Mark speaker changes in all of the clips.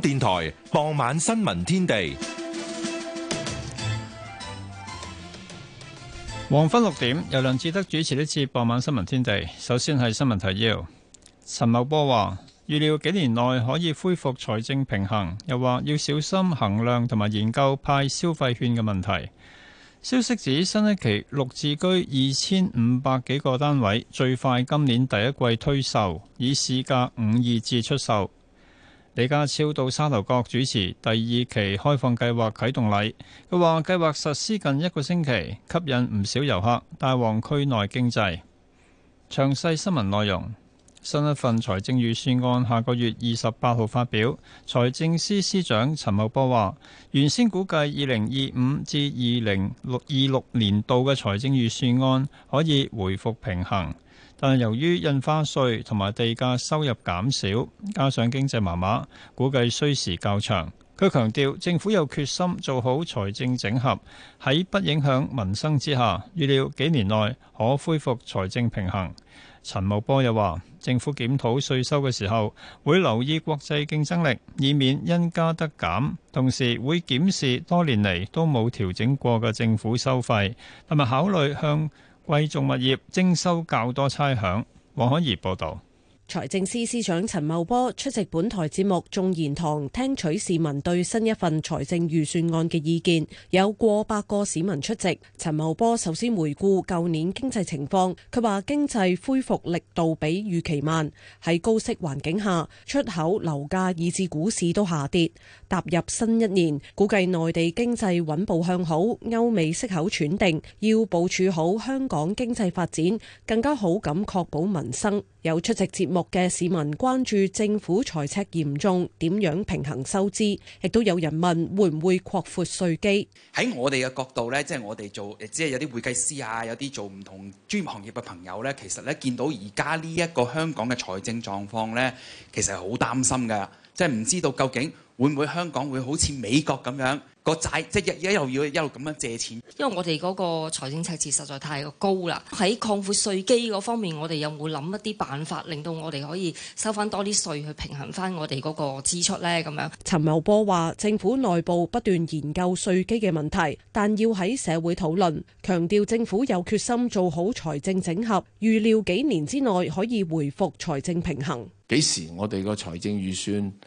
Speaker 1: 電台傍晚新聞天地，黃昏六點
Speaker 2: 由梁志德主持呢次傍晚新聞天地。首先係新聞提要，陳茂波話預料幾年內可以恢復財政平衡，又話要小心衡量同埋研究派消費券嘅問題。消息指新一期綠置居二千五百幾個單位最快今年第一季推售，以市價五二折出售。李家超到沙頭角主持第二期開放計劃啟動禮，佢話計劃實施近一個星期，吸引唔少遊客，帶旺區內經濟。詳細新聞內容，新一份財政預算案下個月二十八號發表，財政司司長陳茂波話，原先估計二零二五至二零二六年度嘅財政預算案可以回復平衡。但由於印花稅同埋地價收入減少，加上經濟麻麻，估計需時較長。佢強調政府有決心做好財政整合，喺不影響民生之下，預料幾年內可恢復財政平衡。陳茂波又話：政府檢討稅收嘅時候，會留意國際競爭力，以免因加得減，同時會檢視多年嚟都冇調整過嘅政府收費，同埋考慮向貴重物業徵收較多差餉，黃可怡報道。
Speaker 3: 財政司司長陳茂波出席本台節目眾言堂，聽取市民對新一份財政預算案嘅意見，有過百個市民出席。陳茂波首先回顧舊年經濟情況，佢話經濟恢復力度比預期慢，喺高息環境下，出口、樓價以至股市都下跌。踏入新一年，估計內地經濟穩步向好，歐美息口喘定，要部署好香港經濟發展，更加好咁確保民生。有出席節目。國嘅市民關注政府財赤嚴重，點樣平衡收支？亦都有人問會唔會擴闊稅基？
Speaker 1: 喺我哋嘅角度呢，即係我哋做，即係有啲會計師啊，有啲做唔同專業行業嘅朋友呢，其實呢，見到而家呢一個香港嘅財政狀況呢，其實係好擔心嘅，即係唔知道究竟會唔會香港會好似美國咁樣。個債即係一一,一,一路要一路咁樣借錢，
Speaker 4: 因為我哋嗰個財政赤字實在太高啦。喺擴闊稅基嗰方面，我哋有冇諗一啲辦法，令到我哋可以收翻多啲稅去平衡翻我哋嗰個支出呢？咁
Speaker 3: 樣，陳茂波話：政府內部不斷研究稅基嘅問題，但要喺社會討論，強調政府有決心做好財政整合，預料幾年之內可以回復財政平衡。
Speaker 5: 幾時我哋個財政預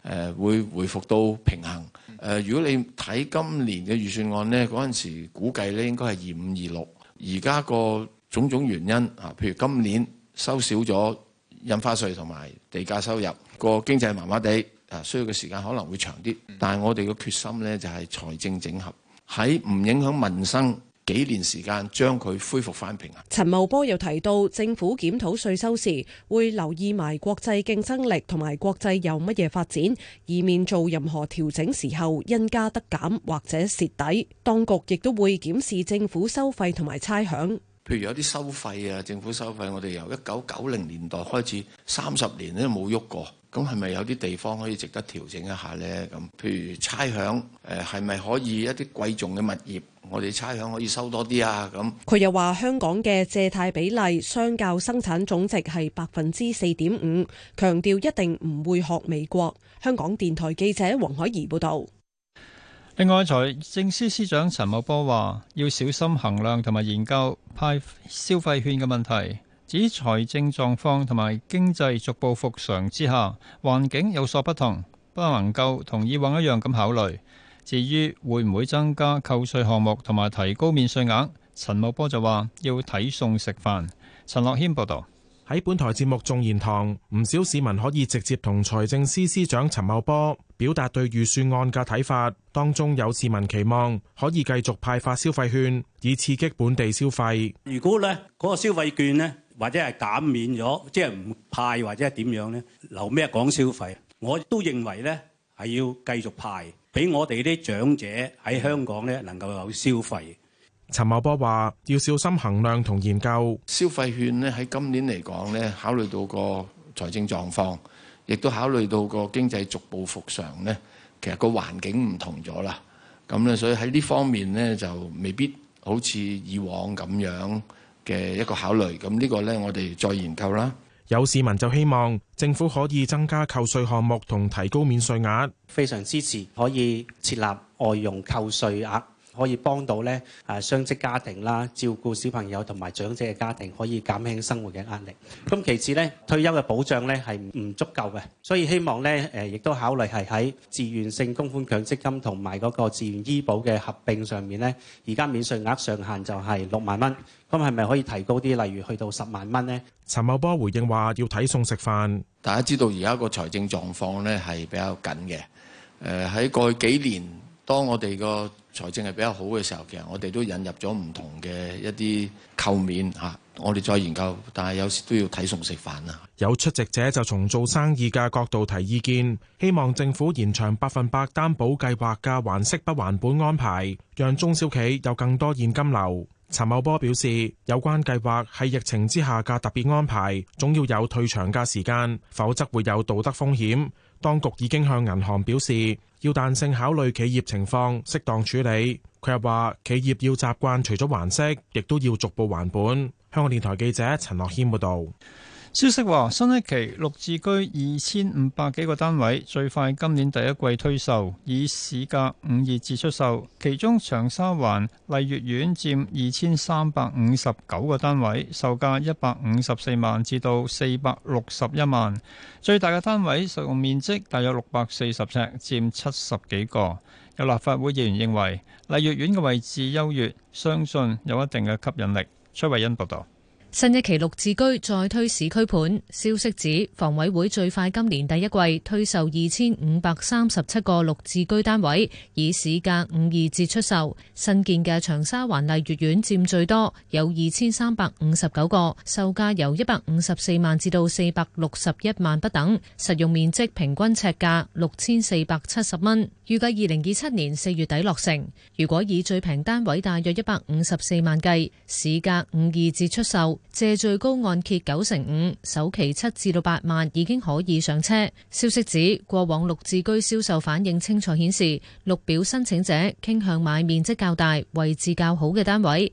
Speaker 5: 算誒會回復到平衡？誒，如果你睇今年嘅預算案呢，嗰陣時估計呢應該係二五二六，而家個種種原因啊，譬如今年收少咗印花稅同埋地價收入，個經濟麻麻地，啊，需要嘅時間可能會長啲，但係我哋嘅決心呢，就係財政整合，喺唔影響民生。幾年時間將佢恢復翻平啊，
Speaker 3: 陳茂波又提到，政府檢討稅收時會留意埋國際競爭力同埋國際有乜嘢發展，以免做任何調整時候因加得減或者蝕底。當局亦都會檢視政府收費同埋差餉。
Speaker 5: 譬如有啲收費啊，政府收費，我哋由一九九零年代開始三十年都冇喐過。咁係咪有啲地方可以值得調整一下呢？咁，譬如差餉，誒係咪可以一啲貴重嘅物業，我哋差餉可以收多啲啊？咁，
Speaker 3: 佢又話香港嘅借貸比例相較生產總值係百分之四點五，強調一定唔會學美國。香港電台記者黃海怡報導。
Speaker 2: 另外，財政司司長陳茂波話：要小心衡量同埋研究派消費券嘅問題。指財政狀況同埋經濟逐步復常之下，環境有所不同，不能夠同以往一樣咁考慮。至於會唔會增加扣稅項目同埋提高免稅額，陳茂波就話要睇餸
Speaker 1: 食飯。陳樂謙報導。喺本台節目眾言堂，唔少市民可以直接同財政司司長陳茂波表達對預算案嘅睇法，當中有市民期望可以繼續派發消費券，以刺激本地消費。如果呢
Speaker 6: 嗰個、那個消費券呢？或者係減免咗，即係唔派或者係點樣咧？留咩講消費？我都認為咧係要繼續派，俾我哋啲長者
Speaker 5: 喺香港咧能夠有消費。
Speaker 1: 陳茂波話：要小心衡量同研究
Speaker 5: 消費券咧，喺今年嚟講咧，考慮到個財政狀況，亦都考慮到個經濟逐步復常咧，其實個環境唔同咗啦。咁咧，所以喺呢方面咧就未必好似以往咁樣嘅一個考慮，咁呢個咧，我
Speaker 1: 哋再研究啦。有市民就希望政府可以增加扣稅項目同提高免稅額，
Speaker 6: 非常支持可以設立外傭扣稅額。可以幫到咧，誒雙職家庭啦，照顧小朋友同埋長者嘅家庭，可以減輕生活嘅壓力。咁其次咧，退休嘅保障咧係唔足夠嘅，所以希望咧誒亦都考慮係喺自願性公款強積金同埋嗰個自願醫保嘅合併上面咧，而家免稅額上限就係六萬蚊，咁係咪可以提高
Speaker 5: 啲，例如去到十萬蚊呢？
Speaker 1: 陳茂波回應話：要睇餸食飯。大家知道而家個
Speaker 5: 財政狀況咧係比較緊嘅，誒喺過去幾年。當我哋個財政係比較好嘅時候，其實我哋都引入咗唔同嘅一啲扣免嚇、啊，我哋再研究，但係有時都要睇餸食飯啊。
Speaker 1: 有出席者就從做生意嘅角度提意見，希望政府延長百分百擔保計劃嘅還息不還本安排，讓中小企有更多現金流。陳茂波表示，有關計劃係疫情之下嘅特別安排，總要有退場嘅時間，否則會有道德風險。當局已經向銀行表示。要彈性考慮企業情況，適當處理。佢又話：企業要習慣除咗還息，亦都要逐步還本。香港電台記者陳樂謙報道。消息話，新一期綠置居二千
Speaker 2: 五百幾個單位最快今年第一季推售，以市價五二折出售。其中長沙灣麗玥苑佔二千三百五十九個單位，售價一百五十四萬至到四百六十一萬。最大嘅單位實用面積大約六百四十尺，佔七十幾個。有立法會議員認為，麗玥苑嘅位置優越，相信有一定嘅吸引力。崔慧欣報道，道。
Speaker 7: 新一期綠置居再推市區盤，消息指房委會最快今年第一季推售二千五百三十七個綠置居單位，以市價五二折出售。新建嘅長沙灣麗月苑佔最多，有二千三百五十九個，售價由一百五十四萬至到四百六十一萬不等，實用面積平均尺價六千四百七十蚊。預計二零二七年四月底落成。如果以最平單位大約一百五十四萬計，市價五二折出售，借最高按揭九成五，首期七至到八萬已經可以上車。消息指，過往綠置居銷售反應清楚顯示，綠表申請者傾向買面積較大、位置較好嘅單位。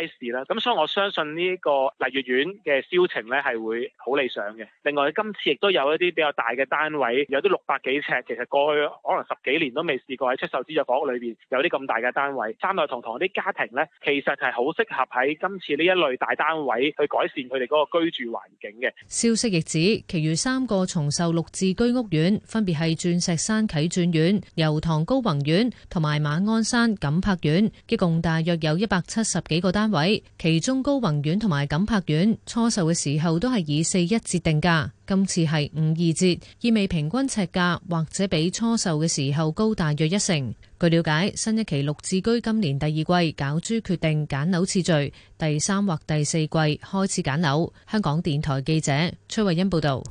Speaker 1: 街市啦，咁所以我相信呢個麗月苑嘅銷情呢係會好理想嘅。另外今次亦都有一啲比較大嘅單位，有啲六百幾尺，其實過去可能十幾年都未試過喺出售資助房屋裏邊有啲咁大嘅單位。三代同堂啲家庭呢，其實係好適合喺今次呢一類大單位去改善佢哋嗰個居住環境嘅。
Speaker 7: 消息亦指，其餘三個重售六字居屋苑分別係鑽石山啟鑽苑、油塘高宏苑同埋馬鞍山錦柏苑，一共大約有一百七十幾個單位單位，其中高宏苑同埋錦柏苑初售嘅時候都係以四一折定價，今次係五二折，意味平均尺價或者比初售嘅時候高大約一成。據了解，新一期綠置居今年第二季攪珠決定揀樓次序，第三或第四季開始揀樓。香港電台記者崔慧欣報道。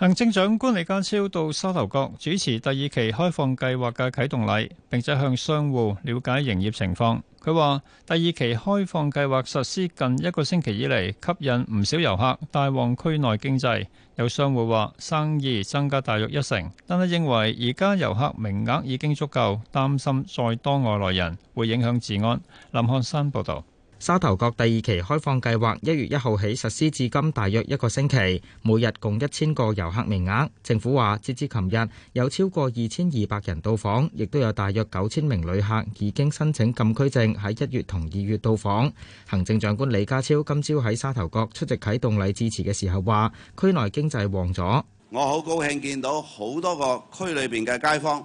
Speaker 2: 行政長官李家超到沙頭角主持第二期開放計劃嘅啟動禮，並且向商戶了解營業情況。佢話第二期開放計劃實施近一個星期以嚟，吸引唔少遊客，帶旺區內經濟。有商戶話生意增加大約一成，但係認為而家遊客名額已經足夠，擔心再多外來人會影響治安。林漢山報道。沙頭角第二期開放計劃一月一
Speaker 8: 號起實施至今大約一個星期，每日共一千個遊客名額。政府話，截至琴日有超過二千二百人到訪，亦都有大約九千名旅客已經申請禁區證喺一月同二月到訪。行政長官李家超今朝喺沙頭角出席啟動禮致辭嘅時候話，區內經濟旺咗，
Speaker 6: 我好高興見到好多個區裏邊嘅街坊。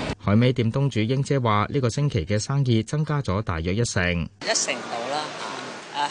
Speaker 8: 海味店東主英姐話：呢個星期嘅生意增加咗大約一成。
Speaker 6: 一
Speaker 9: 成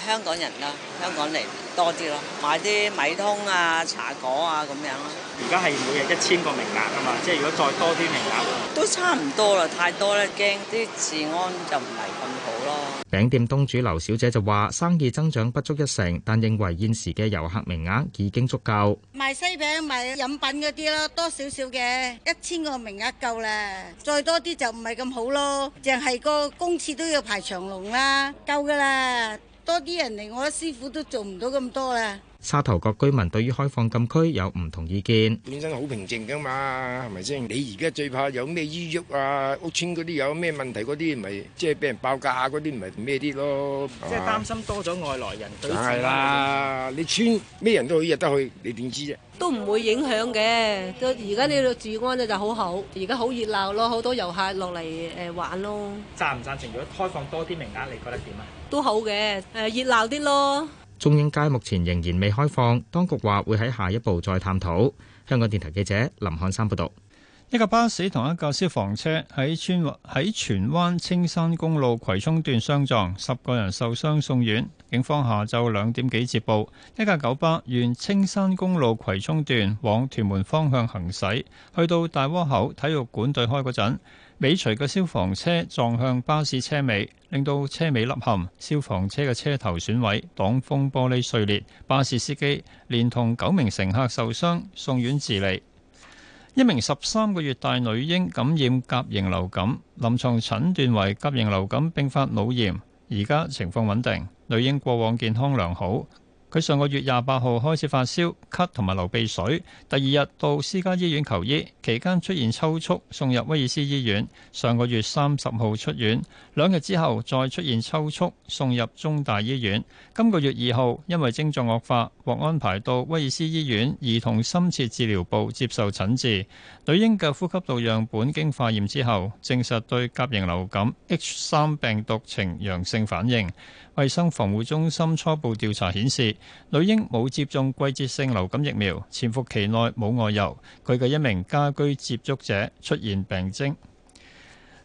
Speaker 9: 香港人啦，香港嚟多啲咯，買啲米通啊、茶果啊咁樣
Speaker 8: 咯。而家係每日一千個名額啊嘛，即係如果再多啲名額，
Speaker 9: 都差唔多啦。太多啦，驚啲治安就唔係咁好
Speaker 8: 咯。餅店東主劉小姐就話：生意增長不足一成，但認為現時嘅遊客名額已經足夠。
Speaker 9: 賣西餅、
Speaker 10: 賣飲品嗰啲咯，多少少嘅一千個名額夠啦，再多啲就唔係咁好咯，淨係個公廁都要排長龍啦，夠㗎啦。多
Speaker 5: 啲人嚟，我師傅都做唔到咁多啦。
Speaker 8: 沙頭角居民對於開放禁區有唔同意見。
Speaker 5: 本身好平靜㗎嘛，係咪先？你而家最怕有咩淤鬱啊？屋村嗰啲有咩問題嗰啲，咪即係俾人爆格啊嗰啲，咪咩啲咯？即係擔心多
Speaker 8: 咗外來人對住。係啦，
Speaker 5: 你村咩人都可以入得去，你點知啫？
Speaker 3: 都唔會影響嘅。都而家呢度治安咧就好好，而家好熱鬧咯，好多遊客落嚟誒玩咯。贊唔贊成？如果
Speaker 8: 開放多啲名額，你覺
Speaker 3: 得點啊？都好嘅，誒
Speaker 8: 熱鬧啲咯。中英街目前仍然未開放，當局話會喺下一步再探討。
Speaker 2: 香港電台記者林漢山報道，一架巴士同一架消防車喺荃喺荃灣青山公路葵涌段相撞，十個人受傷送院。警方下晝兩點幾接報，一架九巴沿青山公路葵涌段往屯門方向行駛，去到大窩口體育館對開嗰陣。尾隨嘅消防車撞向巴士車尾，令到車尾凹陷，消防車嘅車頭損毀，擋風玻璃碎裂。巴士司機連同九名乘客受傷，送院治理。一名十三個月大女嬰感染甲型流感，臨床診斷為甲型流感併發腦炎，而家情況穩定。女嬰過往健康良好。佢上個月廿八號開始發燒、咳同埋流鼻水，第二日到私家醫院求醫，期間出現抽搐，送入威爾斯醫院。上個月三十號出院，兩日之後再出現抽搐，送入中大醫院。今個月二號，因為症狀惡化，獲安排到威爾斯醫院兒童深切治療部接受診治。女嬰嘅呼吸道樣本經化驗之後，證實對甲型流感 H3 病毒呈陽性反應。衛生防護中心初步調查顯示，女嬰冇接種季節性流感疫苗，潛伏期內冇外遊。佢嘅一名家居接觸者出現病徵。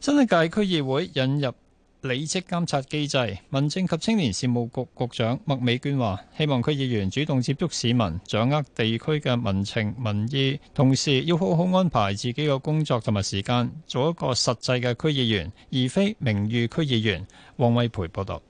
Speaker 2: 新一屆區議會引入履職監察機制，民政及青年事務局局，局長麥美娟話，希望區議員主動接觸市民，掌握地區嘅民情民意，同時要好好安排自己嘅工作同埋時間，做一個實際嘅區議員，而非名譽區議員。王偉培報道。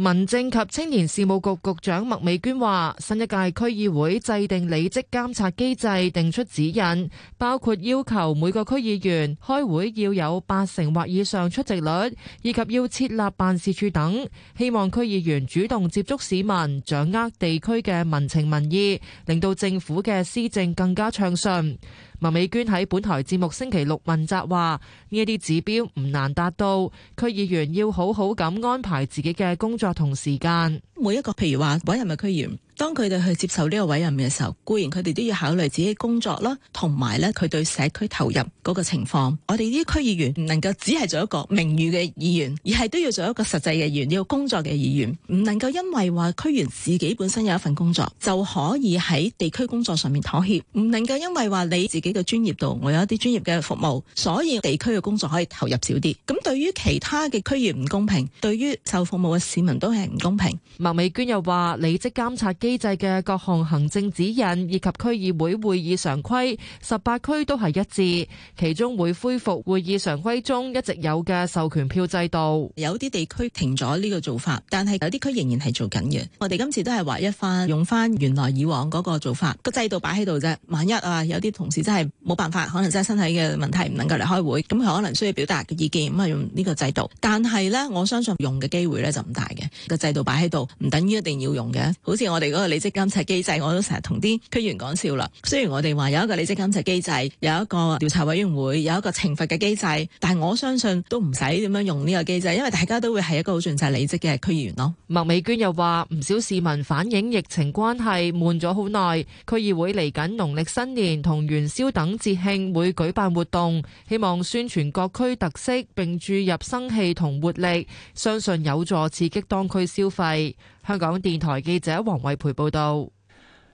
Speaker 11: 民政及青年事務局局長麥美娟話：新一屆區議會制定履職監察機制，定出指引，包括要求每個區議員開會要有八成或以上出席率，以及要設立辦事處等。希望區議員主動接觸市民，掌握地區嘅民情民意，令到政府嘅施政更加暢順。麥美娟喺本台節目星期六問責話：呢一啲指標
Speaker 9: 唔難達到，區議員要好好咁安排自己嘅工作同時間。每一個譬如話，委任咪區議員。當佢哋去接受呢個委任嘅時候，固然佢哋都要考慮自己工作啦，同埋咧佢對社區投入嗰個情況。我哋呢啲區議員唔能夠只係做一個名譽嘅議員，而係都要做一個實際嘅議員，要工作嘅議員。唔能夠因為話區員自己本身有一份工作，就可以喺地區工作上面妥協。唔能夠因為話你自己嘅專業度，我有一啲專業嘅服務，所以地區嘅工作可以投入少啲。咁對於其他嘅區議員唔公平，對於受服務嘅市民都係唔公平。
Speaker 11: 麥美娟又話，你職監察機制嘅各項行政指引以及區議會會議常規，十八區都係一致，其中會恢復會議常規中一
Speaker 9: 直有嘅授權票制度。有啲地區停咗呢個做法，但係有啲區仍然係做緊嘅。我哋今次都係話一翻，用翻原來以往嗰個做法，個制度擺喺度啫。萬一啊，有啲同事真係冇辦法，可能真係身體嘅問題唔能夠嚟開會，咁佢可能需要表達嘅意見咁啊，用呢個制度。但係咧，我相信用嘅機會咧就唔大嘅。個制度擺喺度，唔等於一定要用嘅。好似我哋個履職監察機制，我都成日同啲區議員講笑啦。雖然我哋話有一個履職監察機制，有一個調查委員會，有一個懲罰嘅機制，但係我相信都唔使點樣用呢個機制，因為大家都會係一個好盡責履職嘅區議員咯。麥美娟又話，
Speaker 11: 唔 少市民反映疫情關係悶咗好耐，區議會嚟緊農曆新年同元宵等節慶會舉辦活動，希望宣傳各區特色，並注入生氣同活力，相信有助刺激當區消費。香港電台記者王慧培報道：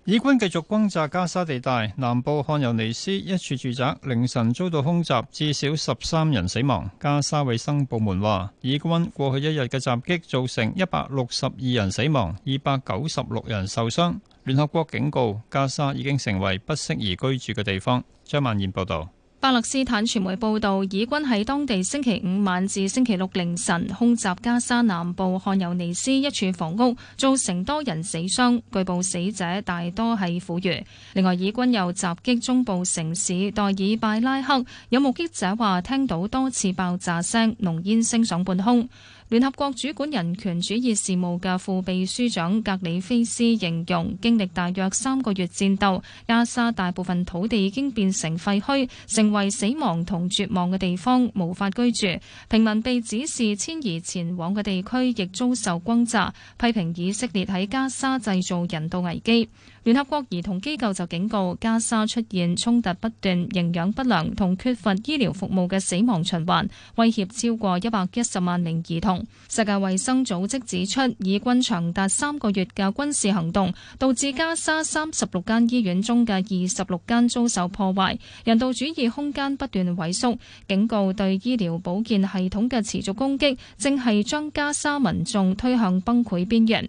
Speaker 2: 以軍繼續轟炸加沙地帶南部漢尤尼斯一處住宅，凌晨遭到空襲，至少十三人死亡。加沙衛生部門話，以軍過去一日嘅襲擊造成一百六十二人死亡，二百九十六人受傷。聯合國警告，加沙已經成為不適宜居住嘅地方。張曼燕報道。
Speaker 4: 巴勒斯坦傳媒報道，以軍喺當地星期五晚至星期六凌晨空襲加沙南部漢尤尼斯一處房屋，造成多人死傷。據報死者大多係婦孺。另外，以軍又襲擊中部城市代爾拜拉克，有目擊者話聽到多次爆炸聲，濃煙升上半空。聯合國主管人道主義事務嘅副秘書長格里菲斯形容，經歷大約三個月戰鬥，加沙大部分土地已經變成廢墟，成為死亡同絕望嘅地方，無法居住。平民被指示遷移前往嘅地區，亦遭受轟炸，批評以色列喺加沙製造人道危機。聯合國兒童機構就警告，加沙出現衝突不斷、營養不良同缺乏醫療服務嘅死亡循環，威脅超過一百一十萬名兒童。世界衛生組織指出，以軍長達三個月嘅軍事行動，導致加沙三十六間醫院中嘅二十六間遭受破壞，人道主義空間不斷萎縮，警告對醫療保健系統嘅持續攻擊，正係將加沙民眾推向崩潰邊緣。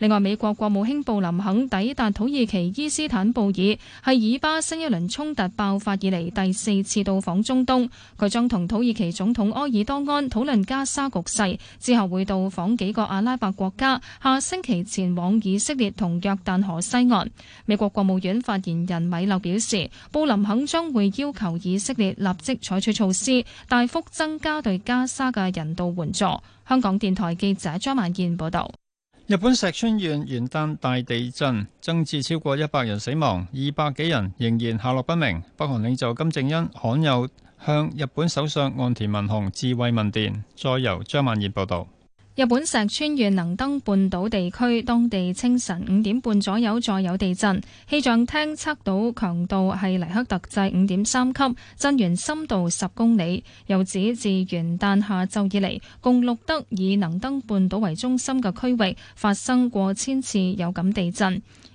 Speaker 4: 另外，美國國務卿布林肯抵達土耳其伊斯坦布爾，係以巴新一輪衝突爆發以嚟第四次到訪中東，佢將同土耳其總統埃爾多安討論加沙局勢，之後會到訪幾個阿拉伯國家，下星期前往以色列同約旦河西岸。美國國務院發言人米勒表示，布林肯將會要求以色列立即採取措施，大幅增加對加沙嘅人道援助。香港電台記者張萬燕報道。
Speaker 2: 日本石川縣元旦大地震增至超過一百人死亡，二百幾人仍然下落不明。北韓領袖金正恩罕有向日本首相岸田文雄致慰問電。再由張曼燕報道。
Speaker 4: 日本石川縣能登半島地區當地清晨五點半左右再有地震，氣象廳測到強度係黎克特制五點三級，震源深度十公里。又指自元旦下晝以嚟，共錄得以能登半島為中心嘅區域發生過千次有感地震。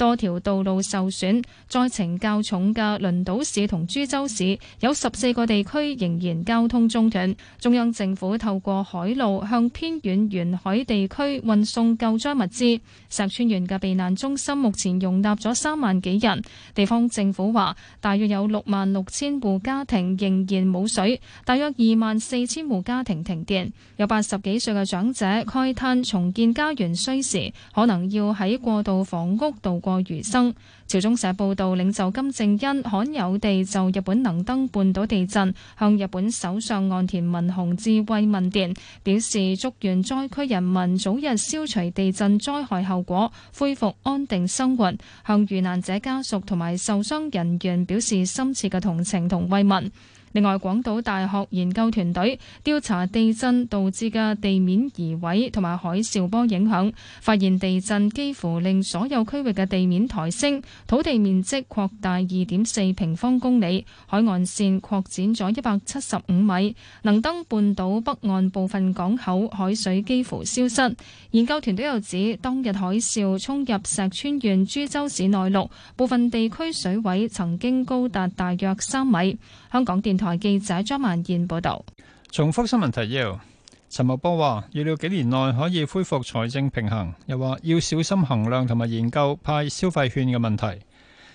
Speaker 4: 多條道路受損，災情較重嘅輪島市同珠洲市有十四個地區仍然交通中斷。中央政府透過海路向偏遠沿海地區運送救災物資。石川縣嘅避難中心目前容納咗三萬幾人。地方政府話，大約有六萬六千戶家庭仍然冇水，大約二萬四千戶家庭停電。有八十幾歲嘅長者慨嘆重建家園需時，可能要喺過渡房屋度過。外生。朝中社報道，領袖金正恩罕有地就日本能登半島地震向日本首相岸田文雄致慰問電，表示祝願災區人民早日消除地震災害後果，恢復安定生活，向遇難者家屬同埋受傷人員表示深切嘅同情同慰問。另外，廣島大學研究團隊調查地震導致嘅地面移位同埋海嘯波影響，發現地震幾乎令所有區域嘅地面抬升，土地面積擴大二點四平方公里，海岸線擴展咗一百七十五米。能登半島北岸部分港口海水幾乎消失。研究團隊又指，當日海嘯衝入石川縣珠洲市內陸，部分地區水位曾經高達大約三米。香港電。台記者張曼燕報道。
Speaker 2: 重複新聞提要：陳茂波話預料幾年內可以恢復財政平衡，又話要小心衡量同埋研究派消費券嘅問題。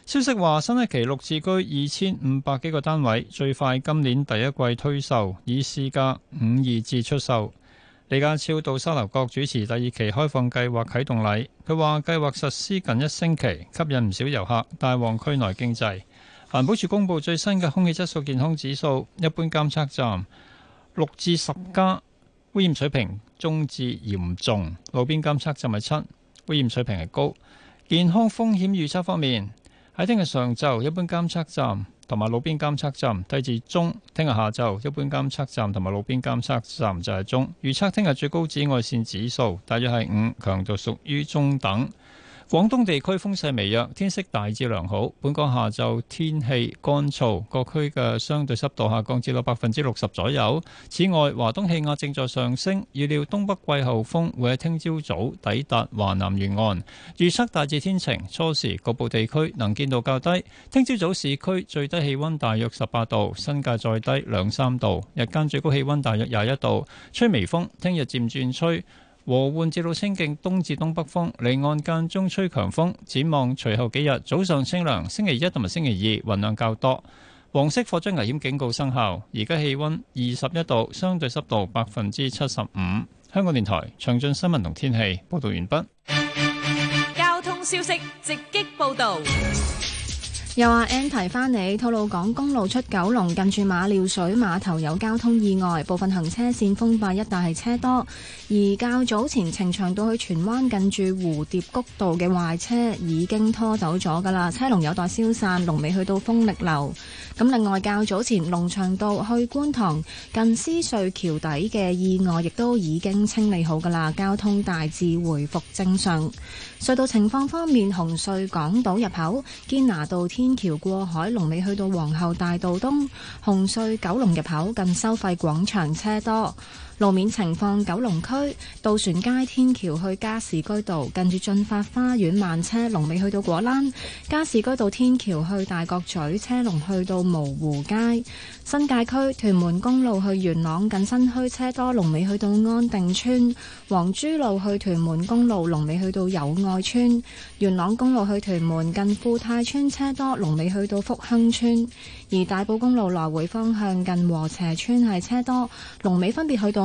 Speaker 2: 消息話新一期綠置居二千五百幾個單位最快今年第一季推售，以市價五二至出售。李家超到沙頭角主持第二期開放計劃啟動禮，佢話計劃實施近一星期，吸引唔少遊客，帶旺區內經濟。環保署公布最新嘅空氣質素健康指數，一般監測站六至十加，污染水平，中至嚴重；路邊監測站係七，污染水平係高。健康風險預測方面，喺聽日上晝，一般監測站同埋路邊監測站低至中；聽日下晝，一般監測站同埋路邊監測站就係中。預測聽日最高紫外線指數大約係五，強度屬於中等。廣東地區風勢微弱，天色大致良好。本港下晝天氣乾燥，各區嘅相對濕度下降至到百分之六十左右。此外，華東氣壓正在上升，預料東北季候風會喺聽朝早抵達華南沿岸。預測大致天晴，初時局部地區能見度較低。聽朝早市區最低氣溫大約十八度，新界再低兩三度。日間最高氣溫大約廿一度，吹微風。聽日漸轉吹。和緩至路清勁，東至東北風，離岸間中吹強風。展望隨後幾日早上清涼，星期一同埋星期二雲量較多。黃色火災危險警告生效，而家氣溫二十一度，相對濕度百分之七十五。香港電台詳盡新聞同天氣報道完畢。
Speaker 10: 交
Speaker 2: 通消息直擊報道。
Speaker 10: 又話 anti 翻你吐露港公路出九龍近住馬料水碼頭有交通意外，部分行車線封閉，一帶係車多。而較早前呈祥道去荃灣近住蝴蝶谷道嘅壞車已經拖走咗㗎啦，車龍有待消散，龍尾去到豐力樓。咁另外較早前龍翔道去觀塘近獅隧橋底嘅意外亦都已經清理好㗎啦，交通大致回復正常。隧道情況方面，紅隧港島入口堅拿道天橋過海，龍尾去到皇后大道東；紅隧九龍入口近收費廣場，車多。路面情況：九龍區渡船街天橋去加士居道，近住駿發花園，慢車龍尾去到果欄；加士居道天橋去大角咀，車龍去到蕪湖街。新界區屯門公路去元朗，近新墟車多，龍尾去到安定村；皇珠路去屯門公路，龍尾去到友愛村；元朗公路去屯門，近富泰村車多，龍尾去到福亨村。而大埔公路來回方向近和輋村係車多，龍尾分別去到。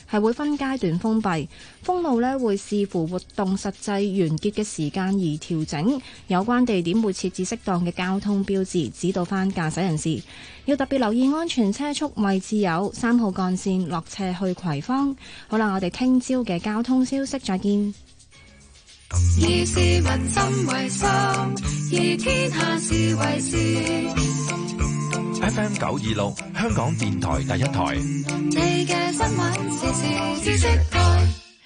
Speaker 10: 係會分階段封閉封路咧，會視乎活動實際完結嘅時間而調整。有關地點會設置適當嘅交通標誌，指導返駕駛人士。要特別留意安全車速位置，有三號幹線落斜去葵芳。好啦，我哋聽朝嘅交通消息再見。
Speaker 4: 以市民心為心，以天下事為事。
Speaker 5: FM 九二六，香港電台第一台。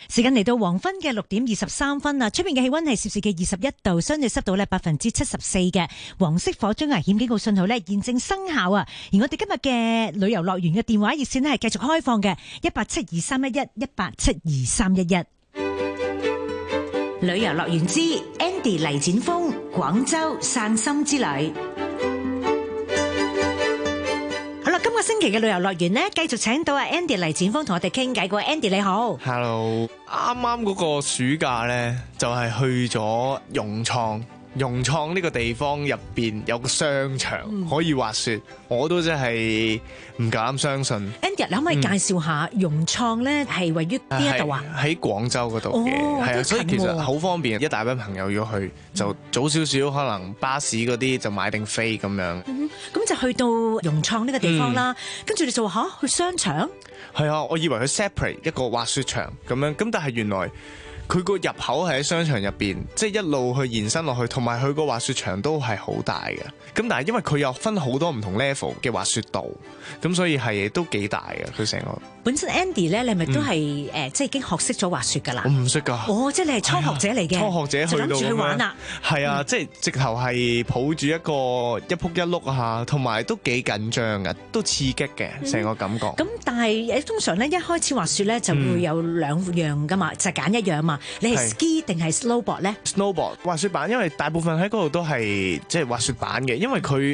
Speaker 12: 時間嚟到黃昏嘅六點二十三分啦，出面嘅氣温係攝氏嘅二十一度，相對濕度咧百分之七十四嘅黃色火災危險警告信號咧現正生效啊！而我哋今日嘅旅遊樂園嘅電話熱線咧係繼續開放嘅一八七二三一一一八七二三一一。11, 旅遊樂園之 Andy 黎展峰，廣州散心之旅。今個星期嘅旅遊樂園咧，繼續請到阿 Andy 嚟展鋒同我哋傾偈。個 Andy 你好
Speaker 6: ，Hello，啱啱嗰個暑假咧就係、是、去咗融創。融創呢個地方入邊有個商場可以滑雪，我都真係唔敢相信。
Speaker 12: Andy，你可唔可以介紹下融創咧？係位於邊一度啊？
Speaker 6: 喺廣州嗰度嘅。係啊，所以其實好方便，一大班朋友要去就早少少，可能巴士嗰啲就買定飛咁樣。
Speaker 12: 咁就去到
Speaker 6: 融創呢個地方啦，
Speaker 12: 跟住你就話嚇，去商場？
Speaker 6: 係啊，我以為佢 separate 一個滑雪場咁樣，咁但係原來。佢個入口係喺商場入邊，即、就、係、是、一路去延伸落去，同埋佢個滑雪場都係好大嘅。咁但係因為佢又分好多唔同 level 嘅滑雪道，咁所以係都幾大嘅佢成個。
Speaker 12: 本身 Andy 咧，你咪都係誒，嗯、即係已經學識咗滑雪㗎啦。我唔識㗎。哦，即係你係初學者嚟嘅、哎。初學者去到，仲諗住去玩啊？
Speaker 6: 係、嗯、啊，即係直頭係抱住一個一撲一碌嚇，同埋都幾緊張嘅，都刺激嘅成、嗯、個感覺。咁、
Speaker 12: 嗯、但係誒，通常咧一開始滑雪咧就會有兩樣㗎嘛，就揀、是、一樣嘛。你係 ski
Speaker 6: 定係 snowboard 咧？snowboard 滑雪板，因為大部分喺嗰度都係即係滑雪板嘅，因為佢。